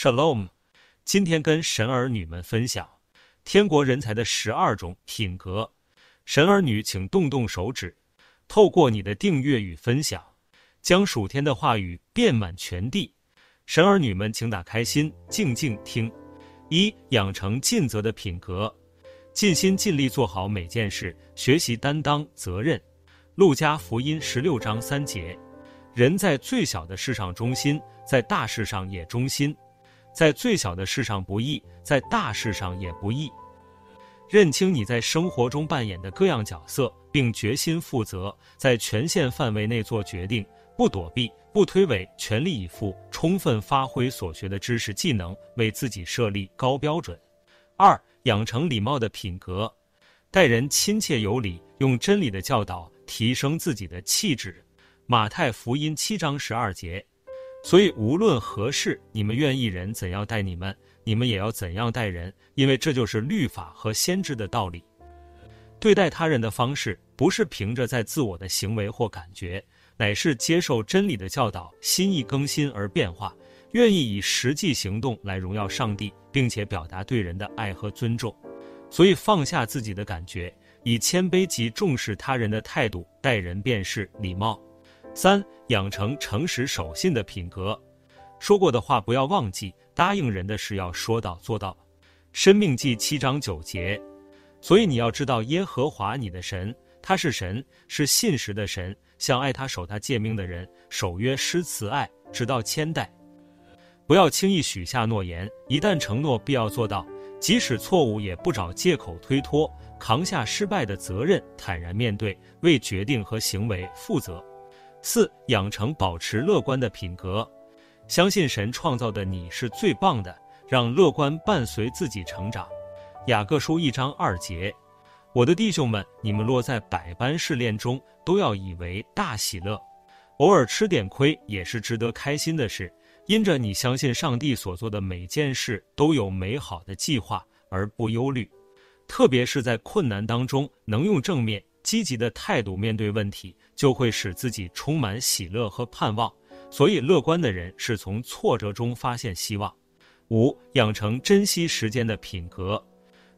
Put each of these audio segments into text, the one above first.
Shalom，今天跟神兒女們分享天國人才的十二種品格。神兒女，請動動手指，透過你的訂閱與分享，將屬天的話語遍滿全地。神兒女們，請打開心，靜靜聽。一、養成盡責的品格，盡心盡力做好每件事，學習擔當責任。路加福音十六章三節：人在最小的事上忠心，在大事上也忠心。在最小的事上不義，在大事上也不義。認清你在生活中扮演的各樣角色，並決心負責，在權限範圍內做決定，不躲避，不推諉，全力以赴，充分發揮所學的知識技能，為自己設立高標準。二、養成禮貌的品格，待人親切有禮，用真理的教導提升自己的氣質。馬太福音七章十二節。所以，無論何事，你們願意人怎樣待你們，你們也要怎樣待人，因為這就是律法和先知的道理。對待他人的方式，不是憑着在自我的行為或感覺，乃是接受真理的教導，心意更新而變化，願意以實際行動來榮耀上帝，並且表達對人的愛和尊重。所以，放下自己的感覺，以謙卑及重視他人的態度待人，便是禮貌。三、養成誠實守信的品格，說過的話不要忘記，答應人的事要說到做到，《申命記》七章九節。所以你要知道，耶和華你的神，他是神，是信實的神，向愛他、守他誡命的人守約施慈愛，直到千代。不要輕易許下諾言，一旦承諾，必要做到，即使錯誤，也不找借口推脫，扛下失敗的責任，坦然面對，為決定和行為負責。四、養成保持樂觀的品格，相信神創造的你是最棒的，讓樂觀伴隨自己成長。雅各書一章二節，我的弟兄們，你們落在百般試煉中，都要以為大喜樂。偶爾吃點虧也是值得開心的事，因着你相信上帝所做的每件事都有美好的計劃，而不憂慮。特別是在困難當中，能用正面。積極的態度面對問題，就會使自己充滿喜樂和盼望。所以，樂觀的人是從挫折中發現希望。五、養成珍惜時間的品格，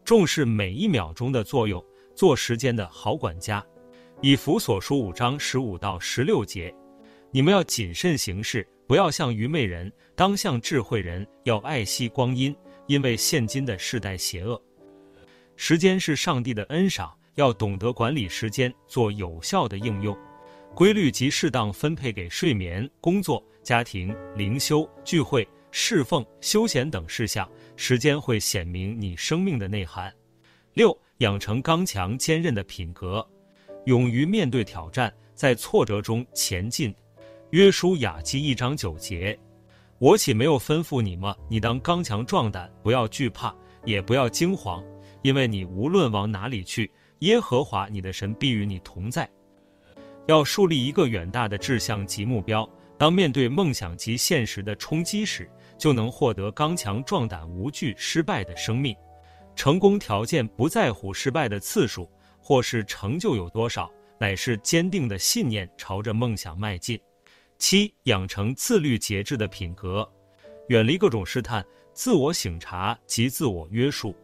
重視每一秒鐘的作用，做時間的好管家。以弗所書五章十五到十六節，你們要謹慎行事，不要像愚昧人，當像智慧人，要愛惜光陰，因為現今的世代邪惡。時間是上帝的恩賞。要懂得管理時間，做有效的應用規律及適當分配給睡眠、工作、家庭、靈修、聚會、侍奉、休閒等事項，時間會顯明你生命的內涵。六、養成剛強堅韌的品格，勇於面對挑戰，在挫折中前進。約書亞記一章九節，我豈沒有吩咐你嗎？你當剛強壯膽，不要懼怕，也不要驚慌，因為你無論往哪裡去。耶和華你的神必與你同在。要樹立一個遠大的志向及目標。當面對夢想及現實的衝擊時，就能獲得剛強壯膽、無懼失敗的生命。成功條件不在乎失敗的次數或是成就有多少，乃是堅定的信念朝着夢想邁進。七、養成自律節制的品格，遠離各種試探，自我省察及自我約束。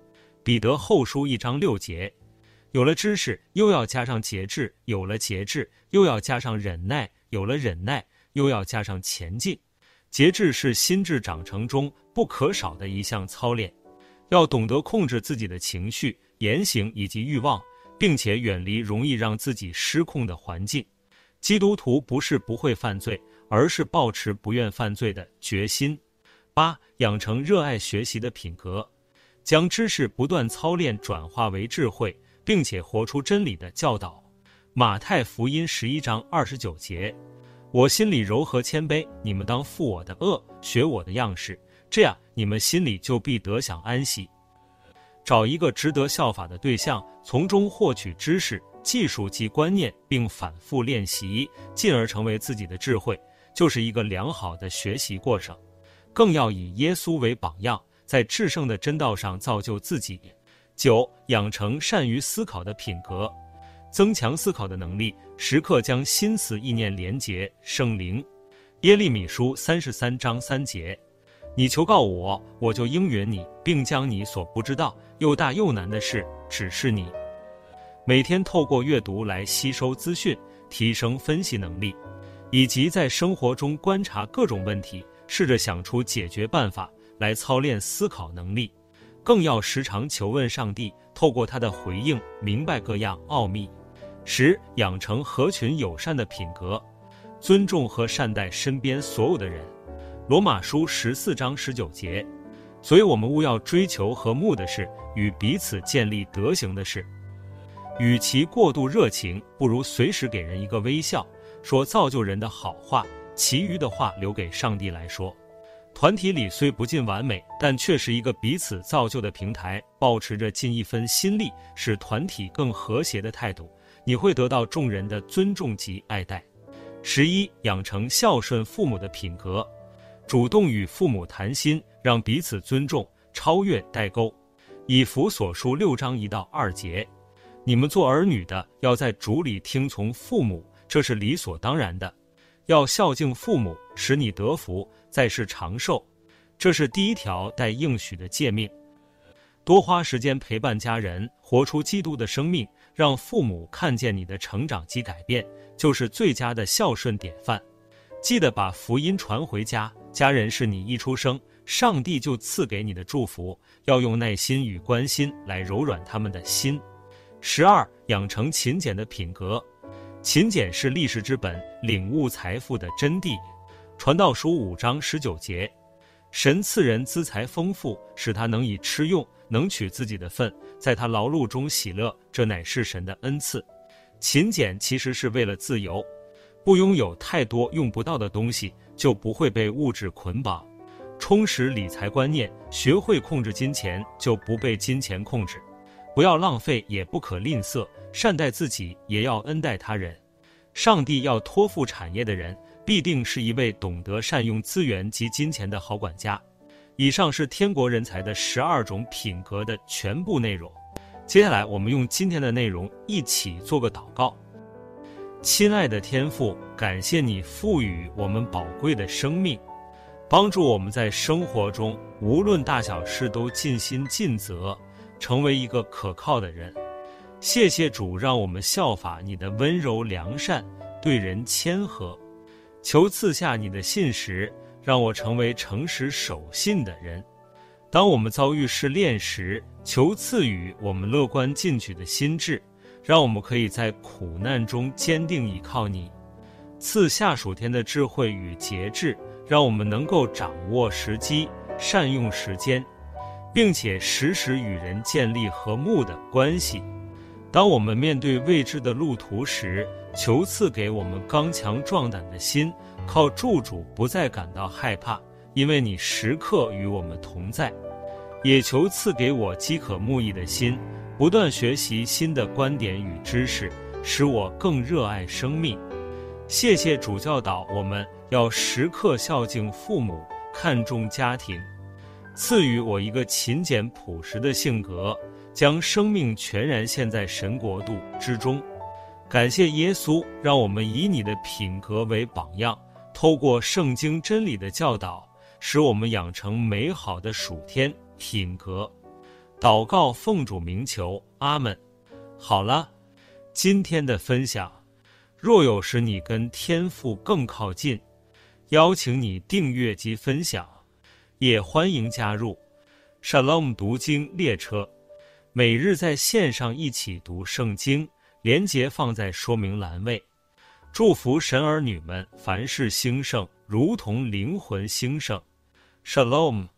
彼得後書一章六節。有了知識，又要加上節制；有了節制，又要加上忍耐；有了忍耐，又要加上虔敬。節制是心智長成中不可少的一項操練，要懂得控制自己的情緒、言行以及慾望，並且遠離容易讓自己失控的環境。基督徒不是不會犯罪，而是保持不願犯罪的決心。八、養成熱愛學習的品格，將知識不斷操練轉化為智慧。並且活出真理的教導，《馬太福音》十一章二十九節：“我心裡柔和謙卑，你們當負我的軛，學我的樣式，這樣你們心裡就必得享安息。”找一個值得效法的對象，從中獲取知識、技術及觀念，並反覆練習，進而成為自己的智慧，就是一個良好的學習過程。更要以耶穌為榜樣，在至聖的真道上造就自己。九、養成善於思考的品格，增強思考的能力，時刻將心思意念連接聖靈。耶利米書三十三章三節：“你求告我，我就應允你，並將你所不知道、又大又難的事指示你。”每天透過閱讀來吸收資訊，提升分析能力，以及在生活中觀察各種問題，試着想出解決辦法來操練思考能力。更要時常求問上帝，透過他的回應明白各樣奧秘。十、養成合群友善的品格，尊重和善待身邊所有的人。羅馬書十四章十九節。所以，我們務要追求和睦的事，與彼此建立德行的事。與其過度熱情，不如隨時給人一個微笑，說造就人的好話，其餘的話留給上帝來說。團體裡雖不盡完美，但卻是一個彼此造就的平台。保持着盡一分心力，使團體更和諧的態度，你會得到眾人的尊重及愛戴。十一，養成孝順父母的品格，主動與父母談心，讓彼此尊重，超越代溝。以弗所書六章一到二節，你們做兒女的要在主裡聽從父母，這是理所當然的，要孝敬父母，使你得福，在世長壽，這是第一條帶應許的誡命。多花時間陪伴家人，活出基督的生命，讓父母看見你的成長及改變，就是最佳的孝順典範。記得把福音傳回家，家人是你一出生上帝就賜給你的祝福，要用耐心與關心來柔軟他們的心。十二，養成勤儉的品格，勤儉是立世之本，領悟財富的真諦。傳道書五章十九節，神賜人資財豐富，使他能以吃用，能取自己的份在他勞碌中喜樂，這乃是神的恩賜。勤儉其實是為了自由，不擁有太多用不到的東西，就不會被物質捆綁。充實理財觀念，學會控制金錢，就不被金錢控制。不要浪費，也不可吝嗇，善待自己，也要恩待他人。上帝要托付產業的人，必定是一位懂得善用資源及金錢的好管家。以上是天國人才的十二種品格的全部內容。接下來，我們用今天的內容一起做個禱告。親愛的天父，感謝你賦予我們寶貴的生命，幫助我們在生活中無論大小事都盡心盡責，成為一個可靠的人。謝謝主，讓我們效法你的溫柔良善，對人謙和。求賜下你的信實，讓我成為誠實守信的人。當我們遭遇試煉時，求賜予我們樂觀進取的心智，讓我們可以在苦難中堅定依靠你。賜下屬天的智慧與節制，讓我們能夠掌握時機，善用時間，並且時時與人建立和睦的關係。當我們面對未知的路途時，求賜給我們剛強壯膽的心，靠住主不再感到害怕，因為你時刻與我們同在。也求賜給我飢渴慕義的心，不斷學習新的觀點與知識，使我更熱愛生命。謝謝主教導我們要時刻孝敬父母，看重家庭。賜予我一個勤儉樸實的性格，將生命全然獻在神國度之中。感謝耶穌，讓我們以你的品格為榜樣，透過聖經真理的教導，使我們養成美好的屬天品格。禱告，奉主名求，阿門。好了，今天的分享，若有使你跟天父更靠近，邀請你訂閱及分享，也歡迎加入 Shalom 讀經列車，每日在線上一起讀聖經。連結放在說明欄位，祝福神兒女們凡事興盛，如同靈魂興盛，Shalom。